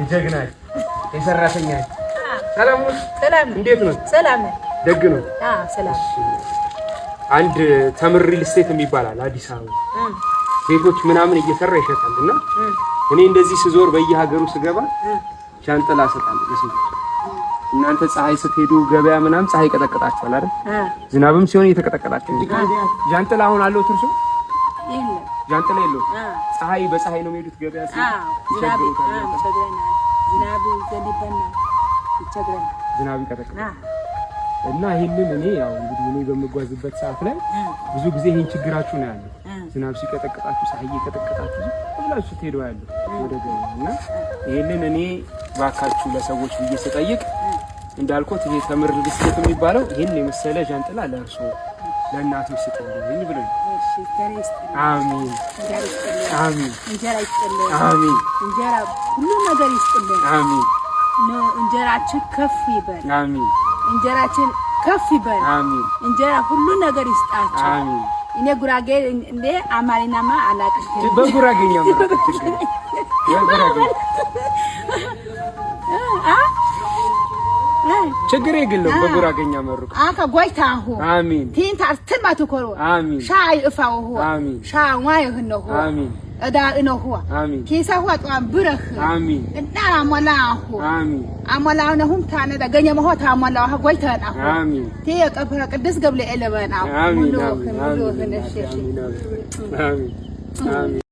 የጀግና የሰራተኛ ሰላም ሰላም፣ እንዴት ነው? ሰላም ደግ ነው። ሰላም አንድ ተምሪ ልስቴት የሚባላል አዲስ አበባ ቤቶች ምናምን እየሰራ ይሸጣል። እና እኔ እንደዚህ ስዞር በየሀገሩ ስገባ ሻንጥላ ሰጣል እናንተ ፀሐይ ስትሄዱ ገበያ ምናምን ፀሐይ ይቀጠቅጣችኋል አይደል? ዝናብም ሲሆን እየተቀጠቀጣችሁ ሻንጥላ አሁን አለው ትርሱ ጃንጥላ የለውም። ፀሐይ በፀሐይ ነው የሚሄዱት ገበያ ዝናብ ይቀጠቅጣል። እና ይህንን እኔ ያው እንግዲህ እኔ በምጓዝበት ሰዓት ላይ ብዙ ጊዜ ይህን ችግራችሁ ነው ያለው። ዝናብ ሲቀጠቅጣችሁ፣ ፀሐይ እየቀጠቀጣችሁ ብላችሁ ትሄዱ ያለ ወደ እና ይህንን እኔ ባካችሁ ለሰዎች ብዬ ስጠይቅ እንዳልኩት ይሄ ተምር ልብስት የሚባለው ይህን የመሰለ ጃንጥላ ለእርሶ ለእናቶች ስጥልኝ ብሎ አሚን አሚን። እንጀራ ይስጥልን። አሚን። እንጀራ ሁሉ ነገር ይስጥልን። አሚን። እንጀራችን ከፍ ይበል። አሚን። እንጀራችን ከፍ ይበል። አሚን። እንጀራ ሁሉ ነገር ይስጣቸው። አሚን። እኔ ጉራጌ እንደ አማሪናማ አላቅም። በጉራጌኛ ማለት ነው። ችግር የግለው በጉራገኛ መሩቅ አካ ጎይታ ሆ አሚን ቲንታ አስተማ ተኮሮ አሚን ሻይ እፋው ሆ አሚን ሻ ዋይ ህነ ሆ አሚን እዳ እነ ሆ አሚን ኪሳ ሆ ጧን ብረህ አሚን እና አሞላ ሆ አሚን አሞላ ነው ሁም ታነ ደገኘ መሆ ታሞላ ሆ ጎይታ ና ሆ አሚን ቲ የቀፈረ ቅዱስ ገብርኤል በና አሚን አሚን አሚን አሚን